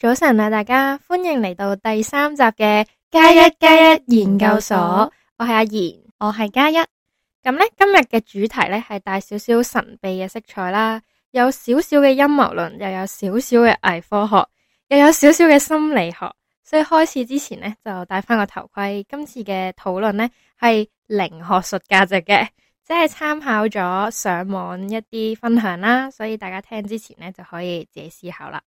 早晨啊，大家歡迎嚟到第三集嘅加一加一研究所，我係阿妍，我係加一。咁呢，今日嘅主題呢係帶少少神秘嘅色彩啦，有少少嘅陰謀論，又有少少嘅偽科學，又有少少嘅心理學。所以開始之前呢，就戴翻個頭盔。今次嘅討論呢係零學術價值嘅，即係參考咗上網一啲分享啦。所以大家聽之前呢，就可以自己思考啦。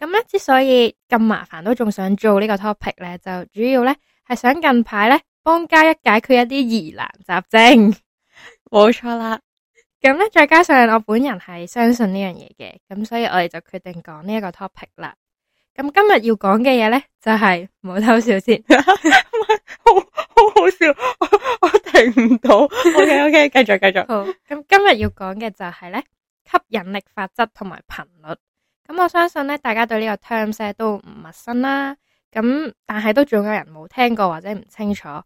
咁咧，之所以咁麻煩都仲想做個呢個 topic 咧，就主要咧係想近排咧幫加一解決一啲疑難雜症，冇 錯啦。咁咧，再加上我本人係相信呢樣嘢嘅，咁所以我哋就決定講呢一個 topic 啦。咁今日要講嘅嘢咧，就係唔好偷笑先， 好好，好笑，我我停唔到。O K O K，繼續繼續。繼續好，咁今日要講嘅就係咧，吸引力法則同埋頻率。咁我相信咧，大家對呢個 terms 咧都唔陌生啦。咁但係都仲有人冇聽過或者唔清楚。咁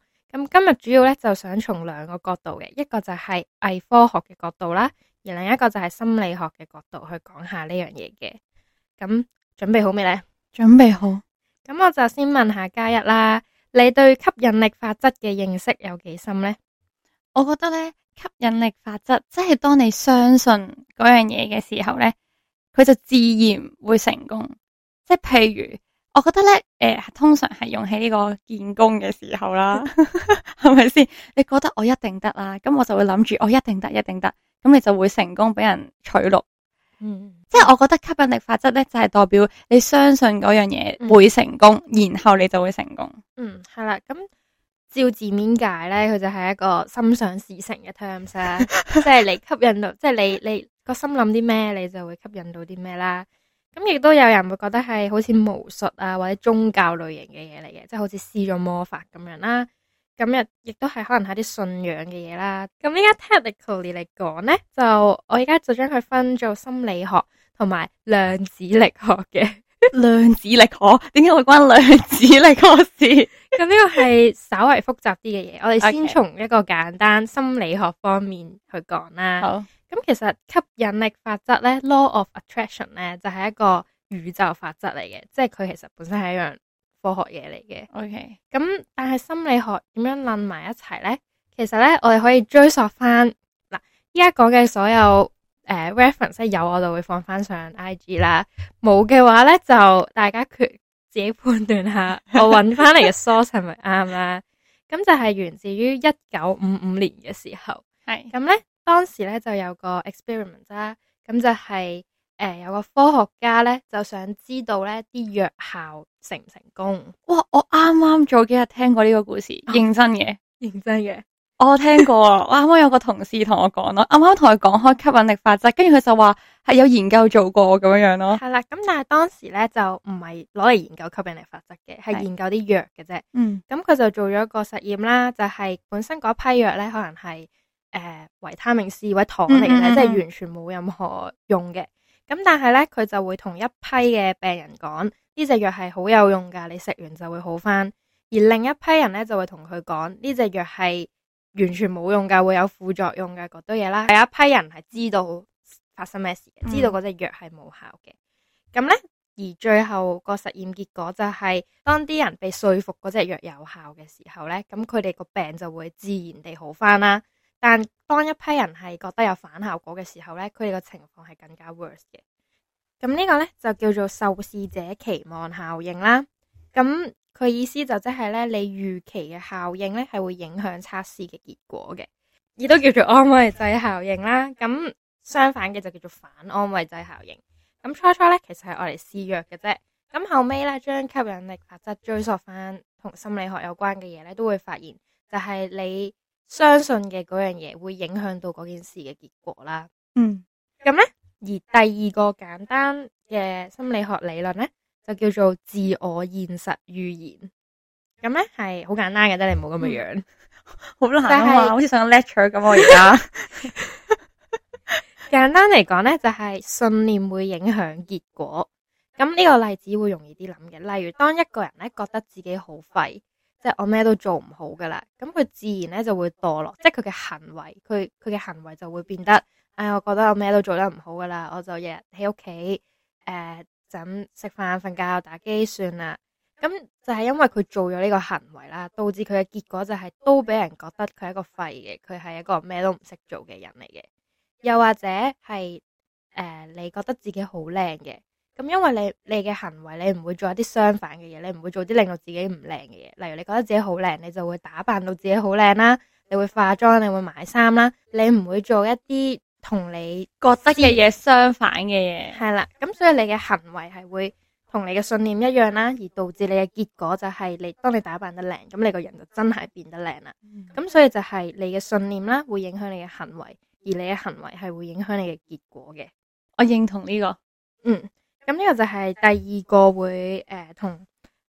今日主要咧就想從兩個角度嘅，一個就係偽科學嘅角度啦，而另一個就係心理學嘅角度去講下呢樣嘢嘅。咁準備好未呢？準備好。咁我就先問下嘉一啦，你對吸引力法則嘅認識有幾深呢？我覺得咧，吸引力法則即係當你相信嗰樣嘢嘅時候咧。佢就自然會成功，即係譬如，我覺得咧，誒、呃，通常係用喺呢個見工嘅時候啦，係咪先？你覺得我一定得啦，咁我就會諗住我一定得，一定得，咁你就會成功俾人取錄，嗯，即係我覺得吸引力法則咧，就係、是、代表你相信嗰樣嘢會成功，嗯、然後你就會成功，嗯，係啦，咁照字面解咧，佢就係一個心想事成嘅 terms，即係你吸引到，即係你你。你你你個心諗啲咩，你就會吸引到啲咩啦。咁亦都有人會覺得係好似巫術啊，或者宗教類型嘅嘢嚟嘅，即係好似施咗魔法咁樣啦。咁亦亦都係可能係啲信仰嘅嘢啦。咁呢家 technically 嚟講呢，就我而家就將佢分做心理學同埋量子力學嘅 量子力學。點解會關量子力學事？咁 呢個係稍為複雜啲嘅嘢。我哋先從一個簡單心理學方面去講啦。好咁其實吸引力法則咧，law of attraction 咧，就係、是、一個宇宙法則嚟嘅，即係佢其實本身係一樣科學嘢嚟嘅。O K，咁但係心理學點樣 lump 埋一齊咧？其實咧，我哋可以追溯翻嗱，依家講嘅所有誒、呃、reference 有，我就會放翻上 I G 啦。冇嘅話咧，就大家決自己判斷下，我揾翻嚟嘅 source 係咪啱啦？咁就係源自於一九五五年嘅時候，係咁咧。當時咧就有個 experiment 啦、啊，咁就係、是、誒、呃、有個科學家咧就想知道咧啲藥效成唔成功。哇！我啱啱早幾日聽過呢個故事，認真嘅， 認真嘅，我聽過啊！我啱啱有個同事同我講咯，啱啱同佢講開吸引力法則，跟住佢就話係有研究做過咁樣樣咯。係啦，咁但係當時咧就唔係攞嚟研究吸引力法則嘅，係的研究啲藥嘅啫。嗯，咁佢就做咗個實驗啦，就係、是、本身嗰批藥咧可能係。誒，維、呃、他命 C 或者糖嚟嘅，即係、mm hmm hmm。完全冇任何用嘅。咁但係咧，佢就會同一批嘅病人講呢隻藥係好有用噶，你食完就會好翻。而另一批人咧就會同佢講呢隻藥係完全冇用噶，會有副作用噶，嗰堆嘢啦。有、mm hmm. 一批人係知道發生咩事嘅，知道嗰隻藥係冇效嘅。咁咧、mm，hmm。而最後個實驗結果就係、是，當啲人被說服嗰隻藥有效嘅時候咧，咁佢哋個病就會自然地好翻啦。但當一批人係覺得有反效果嘅時候呢，佢哋個情況係更加 worse 嘅。咁呢個呢，就叫做受試者期望效應啦。咁佢意思就即係呢，你預期嘅效應呢係會影響測試嘅結果嘅。亦都叫做安慰劑效應啦。咁相反嘅就叫做反安慰劑效應。咁初初呢，其實係愛嚟試藥嘅啫。咁後尾呢，將吸引力法則追溯翻，同心理學有關嘅嘢呢，都會發現就係你。相信嘅嗰樣嘢會影響到嗰件事嘅結果啦。嗯，咁呢，而第二個簡單嘅心理學理論呢，就叫做自我現實預言。咁呢係好簡單嘅，得你唔好咁嘅樣，嗯、 好難啊，就是、好似上 lecture 咁啊。而家 簡單嚟講呢，就係、是、信念會影響結果。咁呢個例子會容易啲諗嘅，例如當一個人呢，覺得自己好廢。即係我咩都做唔好噶啦，咁佢自然咧就會墮落，即係佢嘅行為，佢佢嘅行為就會變得，唉、哎，我覺得我咩都做得唔好噶啦，我就日日喺屋企，誒、呃，就食飯、瞓覺、打機算啦，咁就係因為佢做咗呢個行為啦，導致佢嘅結果就係都俾人覺得佢係一個廢嘅，佢係一個咩都唔識做嘅人嚟嘅，又或者係誒、呃，你覺得自己好靚嘅。咁因為你你嘅行為，你唔會做一啲相反嘅嘢，你唔會做啲令到自己唔靚嘅嘢。例如你覺得自己好靚，你就會打扮到自己好靚啦，你會化妝，你會買衫啦，你唔會做一啲同你覺得嘅嘢相反嘅嘢。係啦，咁所以你嘅行為係會同你嘅信念一樣啦，而導致你嘅結果就係你當你打扮得靚，咁你個人就真係變得靚啦。咁、嗯、所以就係你嘅信念啦，會影響你嘅行為，而你嘅行為係會影響你嘅結果嘅。我認同呢、這個，嗯。咁呢、嗯這個就係第二個會誒、呃、同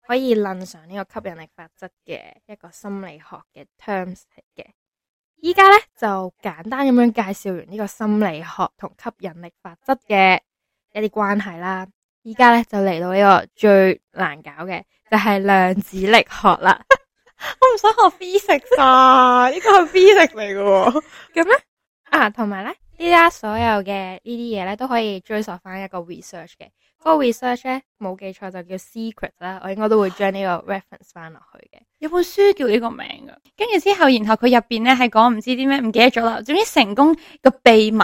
可以論上呢個吸引力法則嘅一個心理學嘅 terms 嚟嘅。依家呢，就簡單咁樣介紹完呢個心理學同吸引力法則嘅一啲關係啦。依家呢，就嚟到呢個最難搞嘅就係、是、量子力學啦。 我唔想學 physics 啊！呢 個係 physics 嚟嘅，啊，咁 呢？啊，同埋呢？呢家所有嘅呢啲嘢咧都可以追溯翻一個 research 嘅，嗰、這個 research 咧冇記錯就叫 secret 啦，我應該都會將呢個 reference 翻落去嘅。啊、有本書叫呢個名㗎，跟住之後，然後佢入邊咧係講唔知啲咩，唔記得咗啦。總之成功個秘密，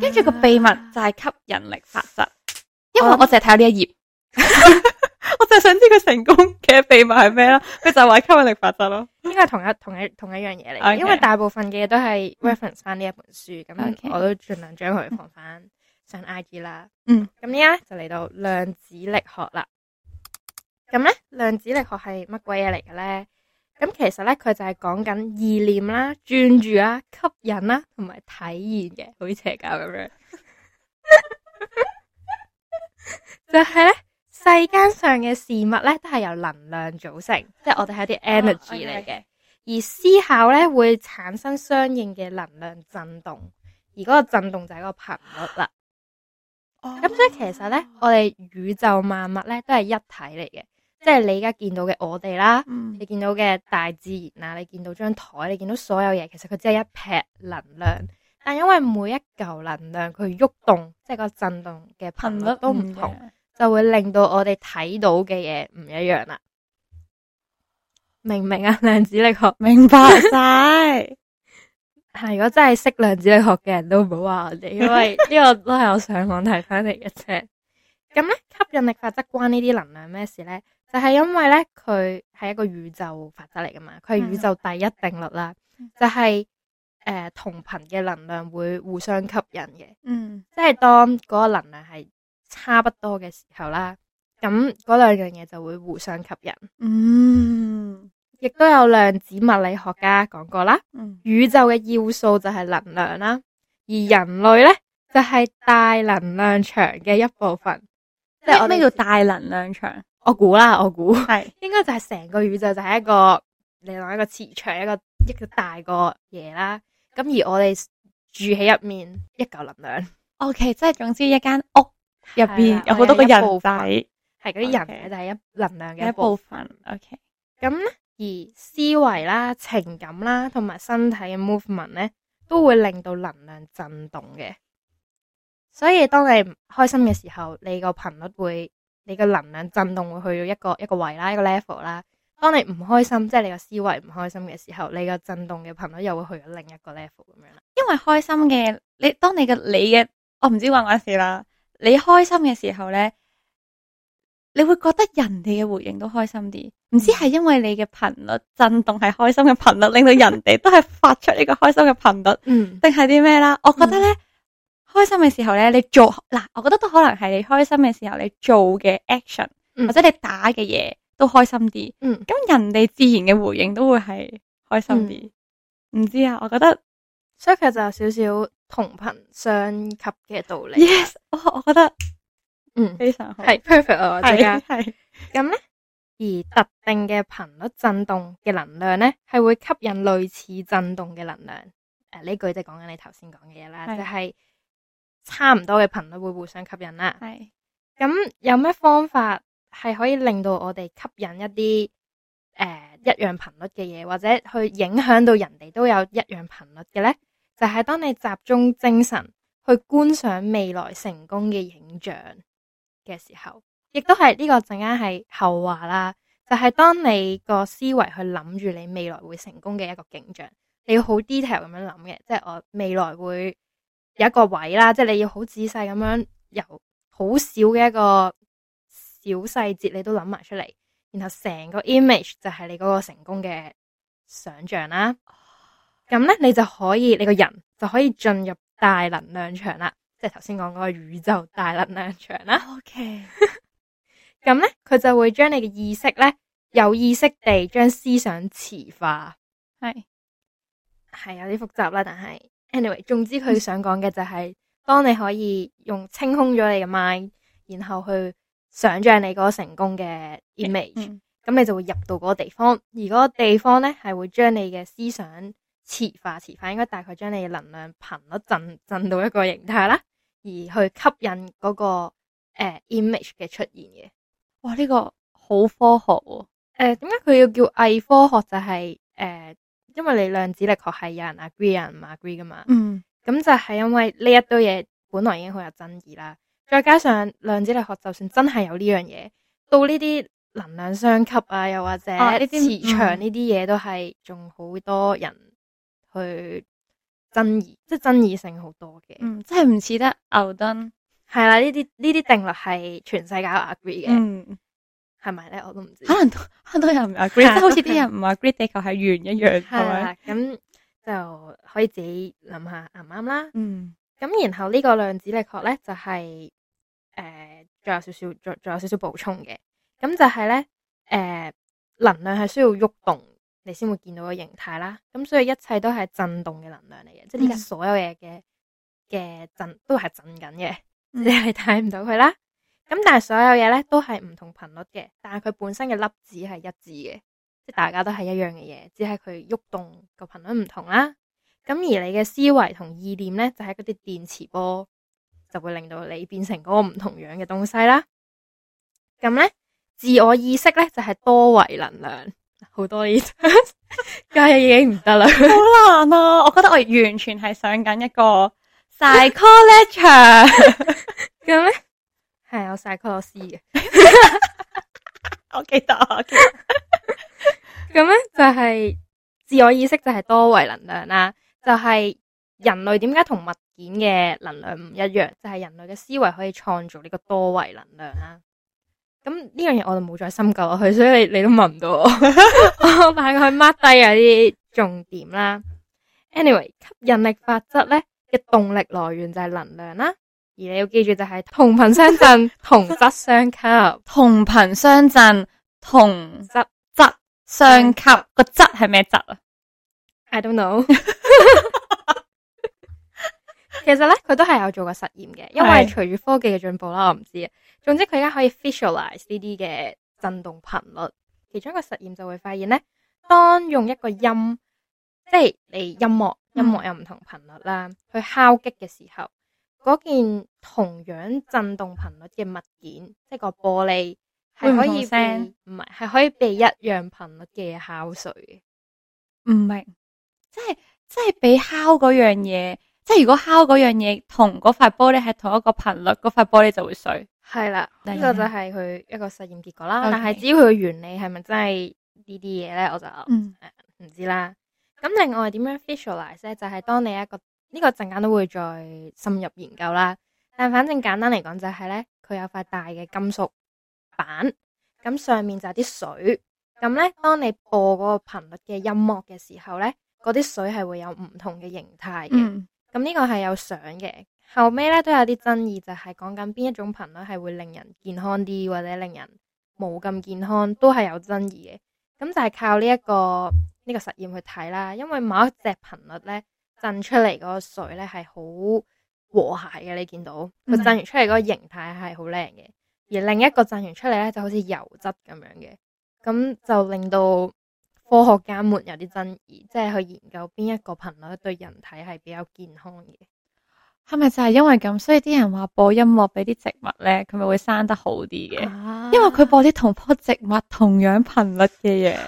跟住、啊、個秘密就係吸引力法則，啊、因為我淨係睇下呢一頁。啊 我就想知佢成功嘅秘密係咩咯？佢就話吸引力法則咯，應該係同一同一同一樣嘢嚟。Okay. 因為大部分嘅嘢都係 reference 翻呢 Okay. 一本書咁，我都盡量將佢放翻上 I G 啦。嗯，咁呢家就嚟到量子力學啦。咁咧， 量子力學係乜鬼嘢嚟嘅咧？咁其實咧，佢就係講緊意念啦、專注啦、吸引啦同埋體驗嘅好邪教咁樣，就係、咧。世間上嘅事物咧，都係由能量組成，即係我哋係一啲 energy 嚟嘅。Oh, okay. 而思考咧會產生相應嘅能量震動，而嗰個震動就係個頻率啦。咁、oh, 所以其實咧，oh. 我哋宇宙萬物咧都係一體嚟嘅，oh. 即係你而家見到嘅我哋啦，oh. 你見到嘅大自然啊，你見到張台，你見到所有嘢，其實佢只係一劈能量，但因為每一嚿能量佢喐動，動，即係個震動嘅頻率都唔同。 就會令到我哋睇到嘅嘢唔一樣啦。明唔明啊？量子力學明白晒。係 如果真係識量子力學嘅人都唔好話我哋，因為呢個都係我上網睇翻嚟嘅啫。咁咧， 吸引力法則關呢啲能量咩事咧？就係、是、因為咧，佢係一個宇宙法則嚟噶嘛。佢係宇宙第一定律啦。嗯、就係、是、誒、呃，同頻嘅能量會互相吸引嘅。嗯，即係當嗰個能量係。差不多嘅時候啦，咁嗰兩樣嘢就會互相吸引。嗯，亦都有量子物理學家講過啦，嗯、宇宙嘅要素就係能量啦，而人類呢，就係、是、大能量場嘅一部分。即係我哋叫大能量場，我估啦，我估係是應該就係成個宇宙就係一個另外一個磁場一個一個大個嘢啦。咁而我哋住喺入面一嚿能量。O、okay, K，即係總之一間屋。入邊有好多個人，係嗰啲人就係一能量嘅一部分。OK，咁而思維啦、情感啦，同埋身體嘅 movement 咧，都會令到能量震動嘅。所以當你開心嘅時候，你個頻率會，你個能量震動會去到一個一個位啦，一個 level 啦。當你唔開心，即係你個思維唔開心嘅時候，你個震動嘅頻率又會去到另一個 level 咁樣。因為開心嘅，你當你嘅你嘅，我唔知話我話事啦。你開心嘅時候呢，你會覺得人哋嘅回應都開心啲，唔知係因為你嘅頻率震動係開心嘅頻率，令到人哋都係發出呢個開心嘅頻率，定係啲咩啦？我覺得呢，嗯、開心嘅時候呢，你做嗱，我覺得都可能係你開心嘅時候，你做嘅 action、嗯、或者你打嘅嘢都開心啲，嗯，咁人哋自然嘅回應都會係開心啲，唔、嗯、知啊？我覺得，所以其實就有少少。同頻相吸嘅道理。Yes，我我覺得嗯非常好，係、嗯、perfect 啊，大家係。咁咧， 呢而特定嘅頻率震動嘅能量咧，係會吸引類似震動嘅能量。誒、呃，呢句是就講緊你頭先講嘅嘢啦，就係差唔多嘅頻率會互相吸引啦。係是。咁有咩方法係可以令到我哋吸引一啲誒、呃、一樣頻率嘅嘢，或者去影響到人哋都有一樣頻率嘅咧？就係當你集中精神去觀賞未來成功嘅影像嘅時候，亦都係呢個陣間係後話啦。就係當你個思維去諗住你未來會成功嘅一個景象，你要好 detail 咁樣諗嘅，即係我未來會有一個位啦，即係你要好仔細咁樣由好少嘅一個小細節，你都諗埋出嚟，然後成個 image 就係你嗰個成功嘅想象啦。咁咧，你就可以，你個人就可以進入大能量場啦，即係頭先講嗰個宇宙大能量場啦。OK，咁咧佢就會將你嘅意識咧，有意識地將思想磁化，係係 Yes. 有啲複雜啦，但係 anyway，總之佢想講嘅就係、是，嗯、當你可以用清空咗你嘅 mind，然後去想象你嗰個成功嘅 image，咁、嗯、你就會入到嗰個地方，而嗰個地方咧係會將你嘅思想。磁化，磁化應該大概將你能量頻率震震到一個形態啦，而去吸引嗰、那個誒、呃、image 嘅出現嘅。哇，呢、這個好科學喎、啊！誒、呃，點解佢要叫偽科學、就是？就係誒，因為你量子力學係有人 agree 有人唔 agree 噶嘛。嗯。咁就係因為呢一堆嘢本來已經好有爭議啦，再加上量子力學就算真係有呢樣嘢，到呢啲能量相吸啊，又或者呢啲、啊、磁場呢啲嘢都係仲好多人。去爭議，即係爭議性好多嘅，嗯，即係唔似得牛頓，係 啦呢啲呢啲定律係全世界 agree 嘅，嗯，係咪咧？我都唔知，可能都，可能都有人 agree，即係 好似啲人唔話 agree 地球係圓一樣，係咪？ 咁就可以自己諗下啱唔啱啦，嗯，咁然後呢個量子力學咧就係、是、誒，仲、呃、有少少，仲仲有少少補充嘅，咁就係、是、咧，誒、呃，能量係需要喐動，動，動，動。你先會見到個形態啦，咁所以一切都係震動嘅能量嚟嘅，即係而家所有嘢嘅嘅震都係震緊嘅，你係睇唔到佢啦。咁但係所有嘢咧都係唔同頻率嘅，但係佢本身嘅粒子係一致嘅，即係大家都係一樣嘅嘢，只係佢喐動個頻率唔同啦。咁而你嘅思維同意念咧，就係嗰啲電磁波，就會令到你變成嗰個唔同樣嘅東西啦。咁咧，自我意識咧就係多維能量。好多嘢，今日嘢已經唔得啦。好難啊！我覺得我完全係上緊一個 psychology 咁咧，係我 psychology 嘅。我記得，我記得。咁咧就係自我意識就係多維能量啦。就係人類點解同物件嘅能量唔一樣？就係人類嘅思維可以創造呢個多維能量啦。咁呢、嗯、樣嘢我就冇再深究落去，所以你你都問唔到我、 哦。我大概 mark 低有啲重點啦。Anyway，吸引力法則咧嘅動力來源就係能量啦，而你要記住就係同頻相振、 同質相吸、同頻質相振、同質質相吸。個質係咩質啊？I don't know。 其實咧，佢都係有做過實驗嘅，因為隨住科技嘅進步啦，我唔知啊。總之佢而家可以 visualize 呢啲嘅震動頻率。其中一個實驗就會發現咧，當用一個音，即係你音樂，嗯、音樂有唔同頻率啦，去敲擊嘅時候，嗰件同樣震動頻率嘅物件，即係個玻璃係可以，唔係係可以被一樣頻率嘅敲碎嘅。唔明即，即係即係俾敲嗰樣嘢。即係如果敲嗰樣嘢同嗰塊玻璃係同一個頻率，嗰塊玻璃就會碎。係啦，呢、這個就係佢一個實驗結果啦。Okay. 但係至於佢嘅原理係咪真係呢啲嘢呢？我就唔、嗯嗯、知啦。咁另外點樣 visualize 就係、是、當你一個呢、這個陣間都會再深入研究啦。但反正簡單嚟講就係呢，佢有塊大嘅金屬板，咁上面就係啲水。咁呢，當你播嗰個頻率嘅音樂嘅時候呢，嗰啲水係會有唔同嘅形態嘅。嗯咁呢個係有相嘅，後尾咧都有啲爭議，就係、是、講緊邊一種頻率係會令人健康啲，或者令人冇咁健康，都係有爭議嘅。咁就係靠呢、這、一個呢、這個實驗去睇啦，因為某一隻頻率咧震出嚟嗰個水咧係好和諧嘅，你見到佢行震完出嚟嗰個形態係好靚嘅，而另一個震完出嚟咧就好似油質咁樣嘅，咁就令到。科學家們有啲爭議，即係去研究邊一個頻率對人體係比較健康嘅，係咪就係因為咁，所以啲人話播音樂俾啲植物咧，佢咪會生得好啲嘅？啊、因為佢播啲同棵植物同樣頻率嘅嘢，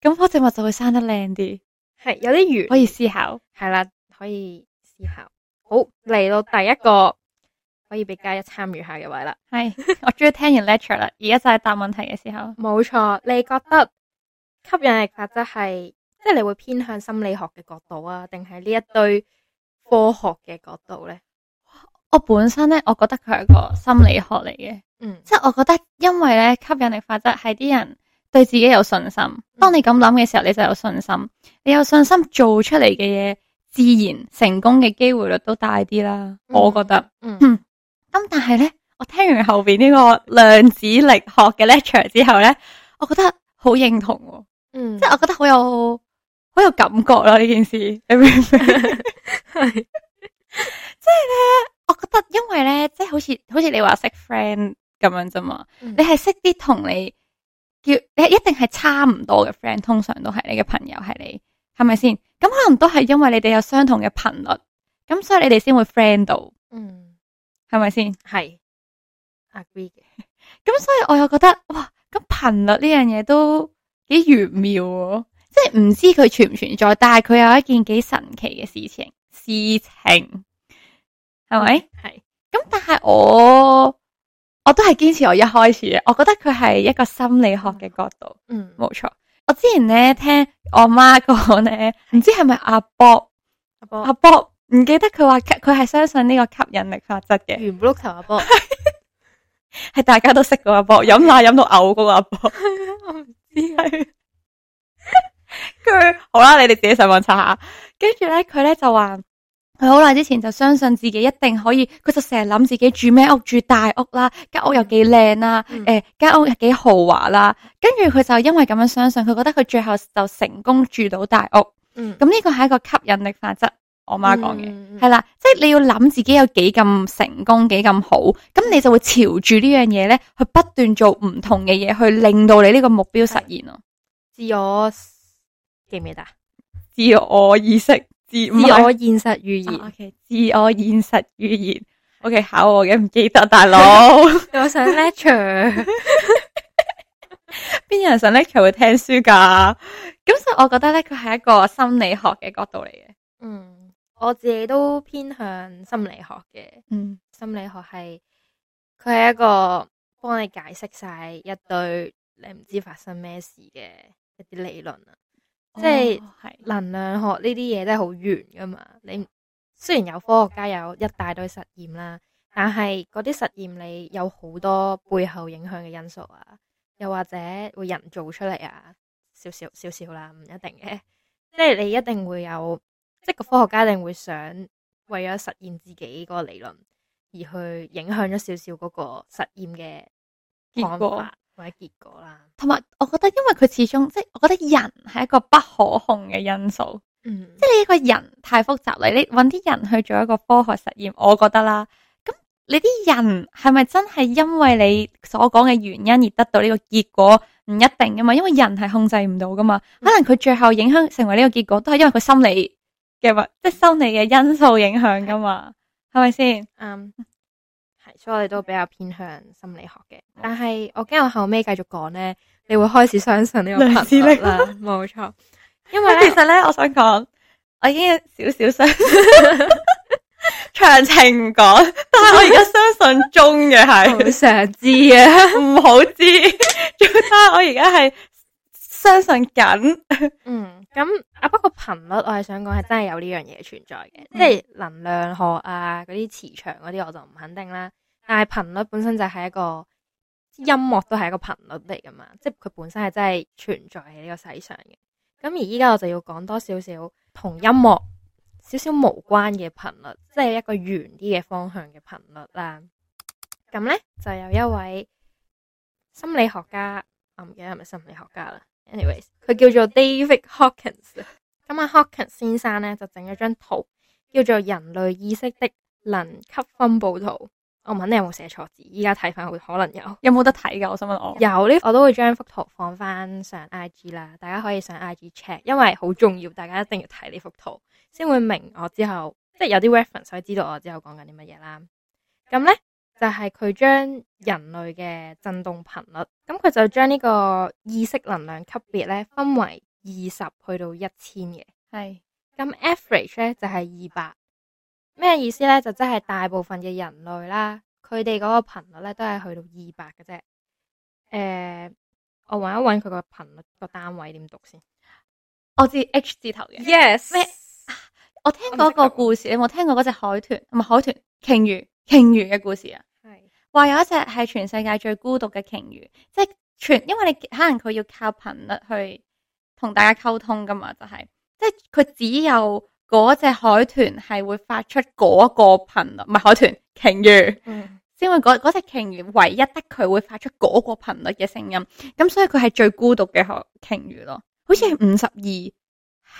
咁棵植物就會生得靚啲。係 有啲遠可以思考，係啦，可以思考。好，嚟到第一個可以俾加一參與下嘅位啦，係 我終於聽完 lecture 啦，而家就係答問題嘅時候。冇錯， 你覺得？吸引力法則係，即係你會偏向心理學嘅角度啊，定係呢一堆科學嘅角度呢？我本身呢，我覺得佢係一個心理學嚟嘅，嗯，即係我覺得因為呢吸引力法則係啲人對自己有信心，嗯，當你咁諗嘅時候，你就有信心，你有信心做出嚟嘅嘢，自然成功嘅機會率都大啲啦。嗯，我覺得，嗯，咁，嗯，但係呢，我聽完後邊呢個量子力學嘅 lecture 之後呢，我覺得好認同喎。嗯，即係我覺得好有好有感覺啦呢件事，係即係咧，我覺得因為咧，即係好似好似你話識 friend 咁樣啫嘛， 你係識啲同你叫你一定係差唔多嘅 friend，通常都係你嘅朋友，係你係咪先？咁可能都係因為你哋有相同嘅頻率，咁所以你哋先會 friend 到，嗯，係咪先？係 agree 嘅、 嗯，咁所以我又覺得哇，咁頻率呢樣嘢都幾玄妙哦，即係唔知佢存唔存在，但係佢有一件幾神奇嘅事情，事情係咪？係咁，嗯、但係我我都係堅持我一開始，嘅，我覺得佢係一個心理學嘅角度。嗯，冇錯。我之前咧聽我媽講咧，唔知係咪阿博阿博？阿博，唔記得佢話佢係相信呢個吸引力法則嘅。圓碌頭阿博？係 大家都識個阿博，飲奶飲到嘔個阿博。好啦，你哋自己上網查下。跟住咧，佢咧就話，佢好耐之前就相信自己一定可以，佢就成日諗自己住咩屋，住大屋啦，間屋又幾靚啦，誒，間屋又幾豪華啦。跟住佢就因為咁樣相信，佢覺得佢最後就成功住到大屋。嗯，咁呢個係一個吸引力法則，我媽講嘅係啦，即係你要諗自己有幾咁成功，幾咁好，咁你就會朝住呢樣嘢咧去不斷做唔同嘅嘢，去令到你呢個目標實現咯。自我。記唔記得自？自我意識、 自我現實語言、哦、O、okay. K，自我現實語言，O、okay, K，考我嘅唔記得，大佬。 我想 lecture，寫邊 人想 lecture 會聽書㗎？咁所以我覺得咧，佢係一個心理學嘅角度嚟嘅。嗯，我自己都偏向心理學嘅。嗯，心理學係佢係一個幫你解釋晒一堆你唔知發生咩事嘅一啲理論啊。即係能量學呢啲嘢都係好玄噶嘛，你雖然有科學家有一大堆實驗啦，但係啲實驗你有好多背後影響嘅因素啊，又或者會人做出嚟啊，少少少少啦，唔一定嘅，即係你一定會有，即係個科學家一定會想為咗實驗自己個理論，而去影響咗少少個實驗嘅結果。或者結果啦，同埋我覺得，因為佢始終即係，就是、我覺得人係一個不可控嘅因素。嗯、mm，hmm。即係你一個人太複雜啦，你揾啲人去做一個科學實驗，我覺得啦，咁你啲人係咪真係因為你所講嘅原因而得到呢個結果？唔一定噶嘛，因為人係控制唔到噶嘛，mm hmm。可能佢最後影響成為呢個結果，都係因為佢心理嘅物，即係心理嘅因素影響噶嘛，係咪先？嗯、hmm。Um, 所以我哋都比較偏向心理學嘅，但係我驚我後屘繼續講咧，你會開始相信呢個頻率啦。冇錯， 因為其實咧，我想講，我已經少少衰， 長情講，但係我而家相信中嘅係常知嘅，唔 好知。但係 我而家係相信緊，嗯，咁啊，不過頻率我係想講係真係有呢樣嘢存在嘅，即係、嗯、能量學啊，嗰啲磁場嗰啲，我就唔肯定啦。但係頻率本身就係一個音樂，都係一個頻率嚟噶嘛，即係佢本身係真係存在喺呢個世上嘅。咁而依家我就要講多少少同音樂少少無關嘅頻率，即係一個圓啲嘅方向嘅頻率啦。咁呢，就有一位心理學家，我唔記得係咪心理學家啦。Anyways，佢叫做 David Hawkins。咁 阿 Hawkins 先生呢，就整咗張圖，叫做人類意識的能級分布圖。我唔肯定有冇寫錯字，依家睇翻會可能有。有冇得睇㗎？我想問我有呢，我都會將幅圖放翻上 IG 啦，大家可以上 IG check，因為好重要，大家一定要睇呢幅圖，先會明我之後，即係有啲 reference，所以知道我之後講緊啲乜嘢啦。咁呢就係佢將人類嘅震動頻率，咁佢就將呢個意識能量級別呢，分為二十去到一千嘅，係是。咁 average 呢就係二百。咩意思咧？就即係大部分嘅人類啦，佢哋嗰個頻率咧都係去到二百嘅啫。誒，我搵一搵佢個頻率個單位點讀先。我知 H 字頭嘅。Yes 咩？我聽過一個故事，你有冇聽過嗰隻海豚？唔係海豚，鯨魚，鯨魚嘅故事啊。係話有一隻係全世界最孤獨嘅鯨魚，即係全，因為你可能佢要靠頻率去同大家溝通噶嘛，就係即係佢只有。嗰隻海豚係會發出嗰個頻率，唔係海豚，鯨魚。嗯、因為嗰嗰隻鯨魚，唯一得佢會發出嗰個頻率嘅聲音，咁所以佢係最孤獨嘅海鯨魚咯。好似係五十二，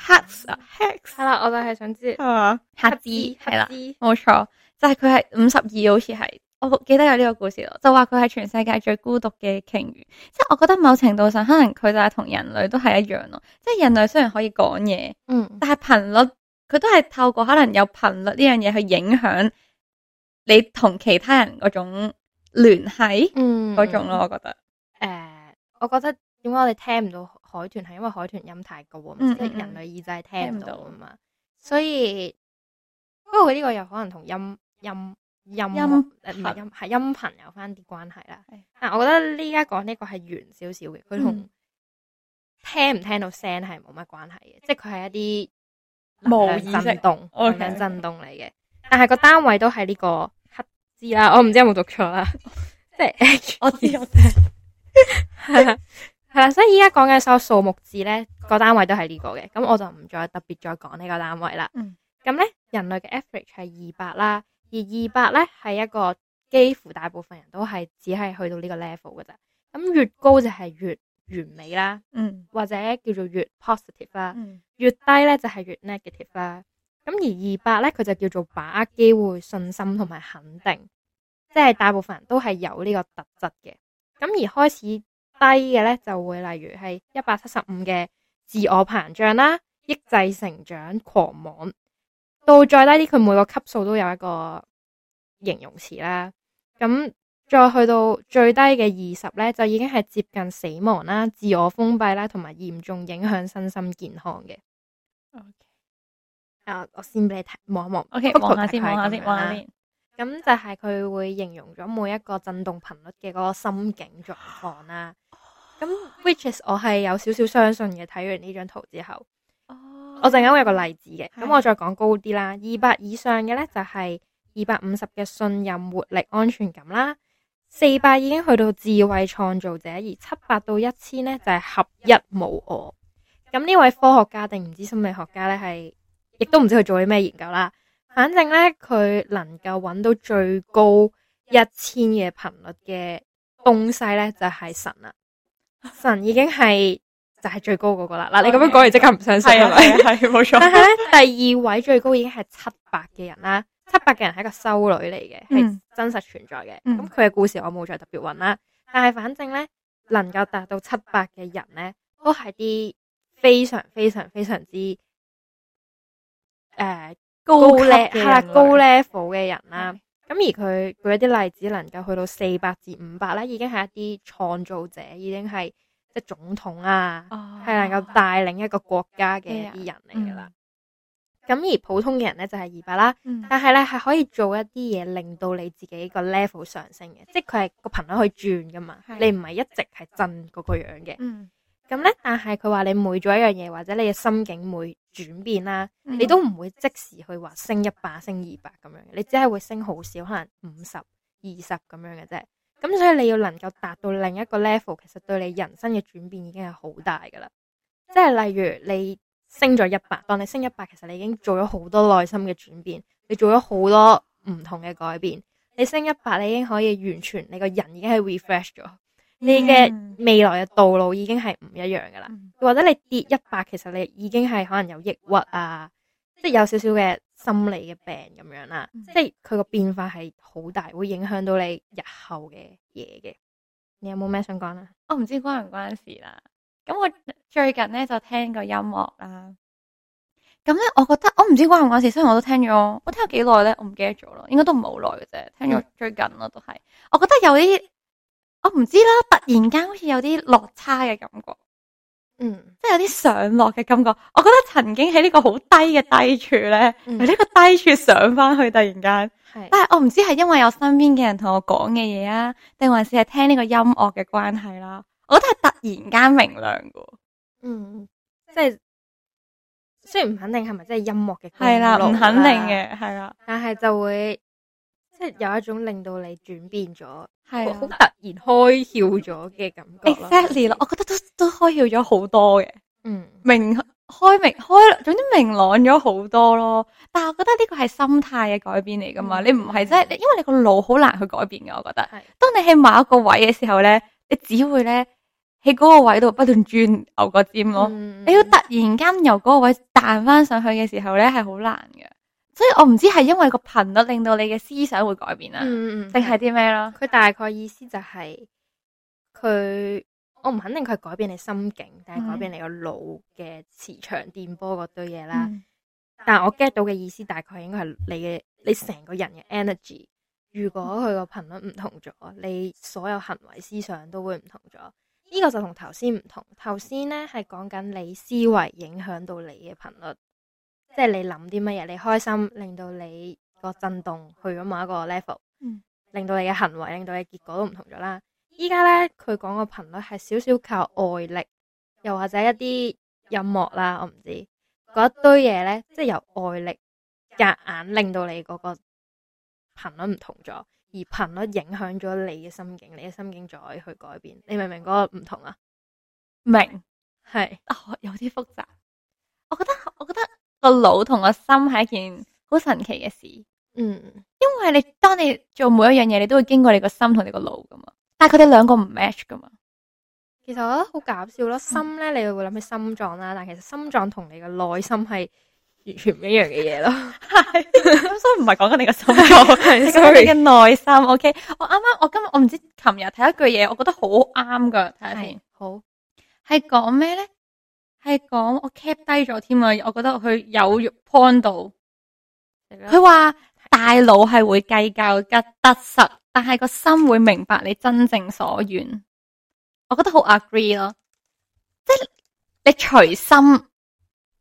赫，赫係啦。我就係想知，係啊係啦，冇錯，就係佢係五十二，好似係。我記得有呢個故事咯，就話佢係全世界最孤獨嘅鯨魚。即係我覺得某程度上，可能佢就係同人類都係一樣咯。即係人類雖然可以講嘢，是嗯，但係頻率。佢都係透過可能有頻率呢樣嘢去影響你同其他人嗰種聯繫，嗯，嗰種咯，我覺得。誒、呃，我覺得點解我哋聽唔到海豚係因為海豚音太高啊，即係、嗯嗯、人類耳仔聽唔到啊嘛。所以，不過呢個又可能同音音音音唔係頻、呃、音頻有翻啲關係啦。是但我覺得呢家講呢個係遠少少嘅，佢、這、同、個、聽唔聽到聲係冇乜關係嘅，即係佢係一啲。無震動，無震動嚟嘅，嗯、但係個單位都係呢、這個黑字啦。G，我唔知有冇讀錯啦，即係， 我知我知，係啦。所以依家講緊所有數目字咧，單個，個單位都係、嗯、呢個嘅。咁我就唔再特別再講呢個單位啦。咁咧，人類嘅 average 係二百啦，而二百咧係一個幾乎大部分人都係只係去到呢個 level 噶咋。咁越高就係越。完美啦，或者叫做越 positive 啦，越低咧就係、係、越 negative 啦。咁而二百咧，佢就叫做把握機會、信心同埋肯定，即係大部分人都係有呢個特質嘅。咁而開始低嘅咧，就會例如係一百七十五嘅自我膨脹啦，抑制成長、狂妄。到再低啲，佢每個級數都有一個形容詞啦。咁、嗯再去到最低嘅二十呢，就已經係接近死亡啦、自我封閉啦，同埋嚴重影響身心健康嘅。OK。啊，我先俾你睇望一望。OK，望下先，望下先，望下先。咁就係佢會形容咗每一個震動頻率嘅嗰個心境狀況啦。咁、啊，which is 我係有少少相信嘅。睇完呢張圖之後，哦、啊，我陣間會有個例子嘅。咁、啊，我再講高啲啦，二百以上嘅呢，就係二百五十嘅信任、活力、安全感啦。四百已經去到智慧創造者，而七百到一千咧就係、是、合一無我。咁呢位科學家定唔知心理學家咧係，亦都唔知佢做啲咩研究啦。反正咧佢能夠揾到最高一千嘅頻率嘅東西咧就係、是、神啦。神已經係就係最高嗰個啦。嗱， 你咁樣講完即刻唔相信係咪？係冇錯。啊啊、錯 但第二位最高已經係七百嘅人啦。七百嘅人係一個修女嚟嘅，係、嗯、真實存在嘅。咁佢嘅故事我冇再特別混啦，但係反正呢，能夠達到七百嘅人呢，都係啲非常非常非常之誒、呃、高 level 嘅高 level 嘅人啦。咁、嗯、而佢舉一啲例子，能夠去到四百至五百咧，已經係一啲創造者，已經係即係總統啊，係、哦、能夠帶領一個國家嘅啲人嚟噶啦。嗯咁而普通嘅人咧就係二百啦，嗯、但係咧係可以做一啲嘢令到你自己個 level 上升嘅，即係佢係個頻率可以轉噶嘛，的你唔係一直係震嗰個樣嘅。咁咧、嗯，但係佢話你每做一樣嘢，或者你嘅心境每轉變啦，嗯、你都唔會即時去話升一百、升二百咁樣嘅，你只係會升好少，可能五十、二十咁樣嘅啫。咁所以你要能夠達到另一個 level，其實對你人生嘅轉變已經係好大噶啦，即係例如你。升咗一百，當你升一百，其實你已經做咗好多內心嘅轉變，你做咗好多唔同嘅改變。你升一百，你已經可以完全你個人已經係 refresh 咗，你嘅未來嘅道路已經係唔一樣噶啦。嗯、或者你跌一百，其實你已經係可能有抑鬱啊，即係有少少嘅心理嘅病咁樣啦。嗯、即係佢個變化係好大，會影響到你日後嘅嘢嘅。你有冇咩想講啊？我唔知關唔關事啦。咁我最近咧就聽個音樂啦，咁咧我覺得我唔知關唔關事，雖然我都聽咗，我聽咗幾耐咧，我唔記得咗咯，應該都唔係好耐嘅啫，聽咗最近咯都係，我覺得有啲，我唔知啦，突然間好似有啲落差嘅感覺，嗯，即係有啲上落嘅感覺，我覺得曾經喺呢個好低嘅低處咧，嗯、由呢個低處上翻去，突然間，是但係我唔知係因為有身邊嘅人同我講嘅嘢啊，定還是係聽呢個音樂嘅關係啦。我覺得係突然間明亮噶，嗯，即係雖然唔肯定係咪真係音樂嘅，係啦，唔肯定嘅，係啦，但係就會即係有一種令到你轉變咗，係好的突然開竅咗嘅感覺啦。Exactly 咯，我覺得都都開竅咗好多嘅，嗯，明開明開，總之明朗咗好多咯。但係我覺得呢個係心態嘅改變嚟噶嘛，嗯、你唔係真係，因為你個腦好難去改變嘅。我覺得，係的當你喺某一個位嘅時候咧，你只會咧。喺嗰個位度不斷轉牛角尖咯，嗯、你要突然間由嗰個位彈翻上去嘅時候咧，係好難嘅。所以我唔知係因為個頻率令到你嘅思想會改變啦，定係啲咩咯？佢大概意思就係、是、佢，我唔肯定佢改變你心境，但係改變你個腦嘅磁場電波嗰堆嘢啦。嗯、但係我 get 到嘅意思，大概應該係你嘅你成個人嘅 energy，如果佢個頻率唔同咗，你所有行為思想都會唔同咗。呢個就同頭先唔同，頭先呢係講緊你思維影響到你嘅頻率，即係你諗啲乜嘢，你開心令到你個震動去咗某一個 level，、嗯、令到你嘅行為，令到你結果都唔同咗啦。依家呢，佢講個頻率係少少靠外力，又或者一啲音樂啦，我唔知嗰一堆嘢呢，即係由外力夾硬，硬令到你嗰個頻率唔同咗。而頻率影響咗你嘅心境，你嘅心境再去改變，你明唔明嗰個唔同啊？明係、哦、有啲複雜。我覺得我覺得個腦同個心係一件好神奇嘅事。嗯，因為你當你做每一樣嘢，你都會經過你個心同你個腦噶嘛。但係佢哋兩個唔 match 噶嘛。其實我覺得好搞笑咯，心咧你會諗起心臟啦，但係其實心臟同你嘅內心係。完全唔一樣嘅嘢咯，咁 所以唔係講緊你個心， 心，係講你嘅內心。OK，我啱啱我今日我唔知琴日睇一句嘢，我覺得好啱噶，睇下先。好，係講咩咧？係講我 cap 低咗添啊！我覺得佢有肉 point 度，佢話大腦係會計較得得失，但係個心會明白你真正所願。我覺得好 agree 咯，即係你隨心。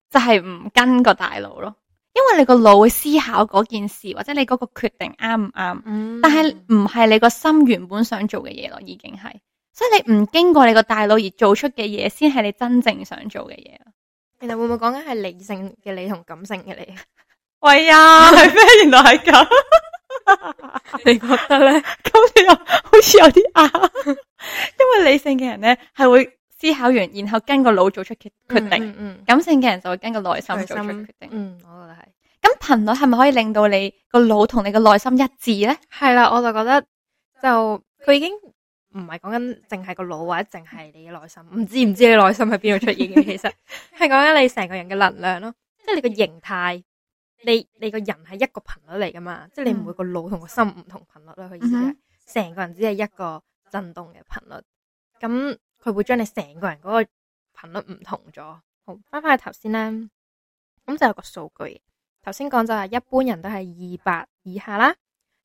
就係唔跟個大腦咯，因為你個腦會思考嗰件事，或者你嗰個決定啱唔啱？嗯、但係唔係你個心原本想做嘅嘢咯，已經係。所以你唔經過你個大腦而做出嘅嘢，先係你真正想做嘅嘢。原來會唔會講緊係理性嘅你同感性嘅你？喂啊，係咩？ 原來係咁。 你覺得咧？咁你又好似有啲啱， 因為理性嘅人咧係會。思考完，然後跟個腦做出決決定。嗯，嗯，嗯感性嘅人就會跟個內心去做出決定。嗯，我覺得係。咁頻率係咪可以令到你、這個腦同你嘅內心一致咧？係啦、啊，我就覺得就佢已經唔係講緊淨係個腦或者淨係你嘅內心，唔知唔知你內心喺邊度出現嘅。 其實係講緊你成個人嘅能量咯，即係你個形態，你你個人係一個頻率嚟噶嘛？即係、嗯、你唔會個腦同個心唔同頻率咯。佢意思係成、嗯、個人只係一個震動嘅頻率。咁。佢會將你成個人嗰個頻率唔同咗。好，翻返去頭先啦。咁就有個數據。頭先講就係一般人都係二百以下啦，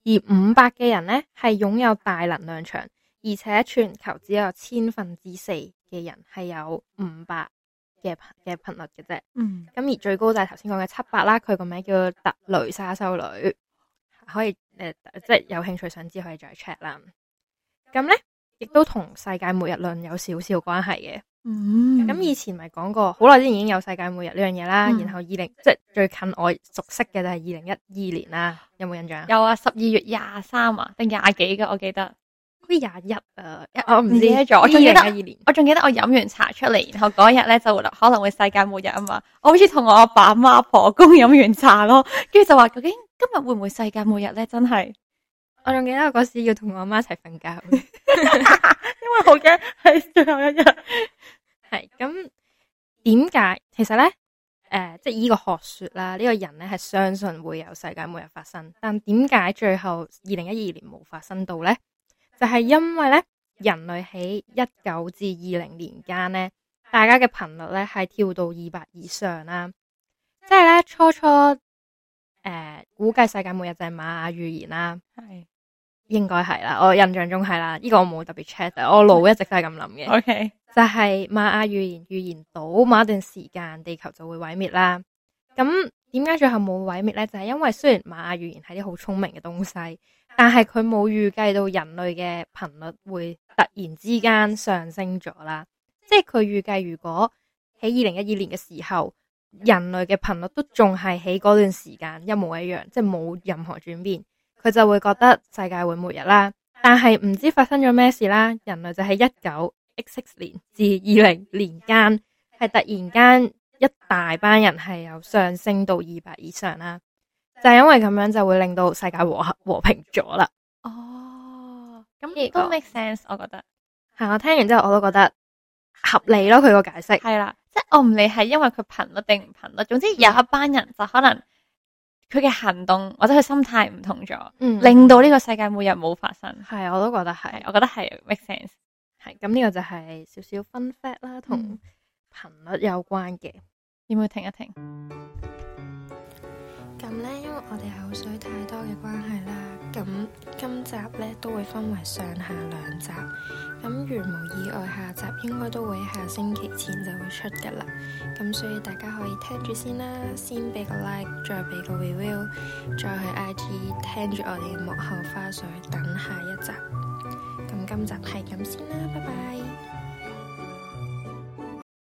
而五百嘅人呢係擁有大能量場，而且全球只有千分之四嘅人係有五百嘅頻嘅頻率嘅啫。嗯。咁而最高就係頭先講嘅七百啦，佢個名叫特雷沙修女，可以誒、呃，即係有興趣想知可以再 check 啦。咁呢。亦都同世界末日論有少少關係嘅，咁、嗯、以前咪講過，好耐之前已經有世界末日呢樣嘢啦。嗯、然後二零即係最近我熟悉嘅就係二零一二年啦，有冇印象？有啊，十二月廿三啊，定廿幾噶？我記得好似廿一啊，我唔記得咗。我記得我，記得我仲記得我飲完茶出嚟，然後嗰日咧就可能會世界末日啊嘛。我好似同我阿爸、阿媽、阿婆、阿公飲完茶咯，跟住就話究竟今日會唔會世界末日咧？真係。我仲記得嗰時要同我媽一齊瞓覺， 因為好驚係最後一日。係，咁點解？其實咧，誒、呃，即係呢個學說啦、呢、這個人咧係相信會有世界末日發生，但點解最後二零一二年冇發生到咧？就係、是、因為咧，人類喺一九至二零年間咧，大家嘅頻率咧係跳到二百以上啦、啊，即係咧初初誒、呃、估計世界末日就係瑪雅預言啦、啊，係。應該係啦，我印象中係啦，呢、呢個我冇特別 check，我腦一直都係咁諗嘅。OK，就係瑪雅預言預言到某一段時間地球就會毀滅啦。咁點解最後冇毀滅呢？就係、是、因為雖然瑪雅預言係啲好聰明嘅東西，但係佢冇預計到人類嘅頻率會突然之間上升咗啦。即係佢預計如果喺二零一二年嘅時候，人類嘅頻率都仲係喺嗰段時間一模一樣，即係冇任何轉變。佢就會覺得世界會末日啦，但係唔知發生咗咩事啦。人類就喺一九 X X 年至二零年間，係突然間一大班人係由上升到二百以上啦，就係、因為咁樣就會令到世界和和平咗啦。哦，咁、這個、都 make sense，我覺得係我聽完之後我都覺得合理咯，佢個解釋係啦，即係我唔理係因為佢頻率定唔頻率，總之有一班人就可能。.佢嘅行動或者佢心態唔同咗，嗯、令到呢個世界每日冇發生。係，我都覺得係，我覺得係 make sense。係咁，呢個就係少少分 fat 啦，同頻率有關嘅。嗯、要唔要停一停？咁咧，因為我哋口水太多嘅關係啦，咁今集咧都會分為上下兩集。咁如無意外，下集應該都會下星期前就會出嘅啦。咁所以大家可以聽住先啦，先俾個 like，再俾個 review，再去 IG 聽住我哋嘅幕後花絮，等下一集。咁今集係咁先啦，拜拜。